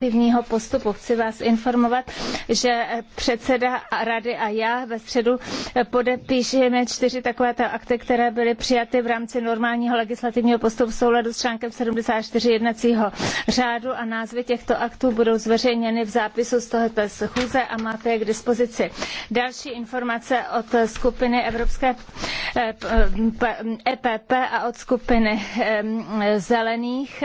legislativního postupu. Chci vás informovat, že předseda rady a já ve středu podepíšeme čtyři takovéto akty, které byly přijaty v rámci normálního legislativního postupu v souladu s článkem 74 jednacího řádu a názvy těchto aktů budou zveřejněny v zápisu z tohoto schůze a máte je k dispozici. Další informace od skupiny Evropské EPP eh, a od skupiny eh, Zelených